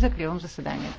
Закривам заседанието.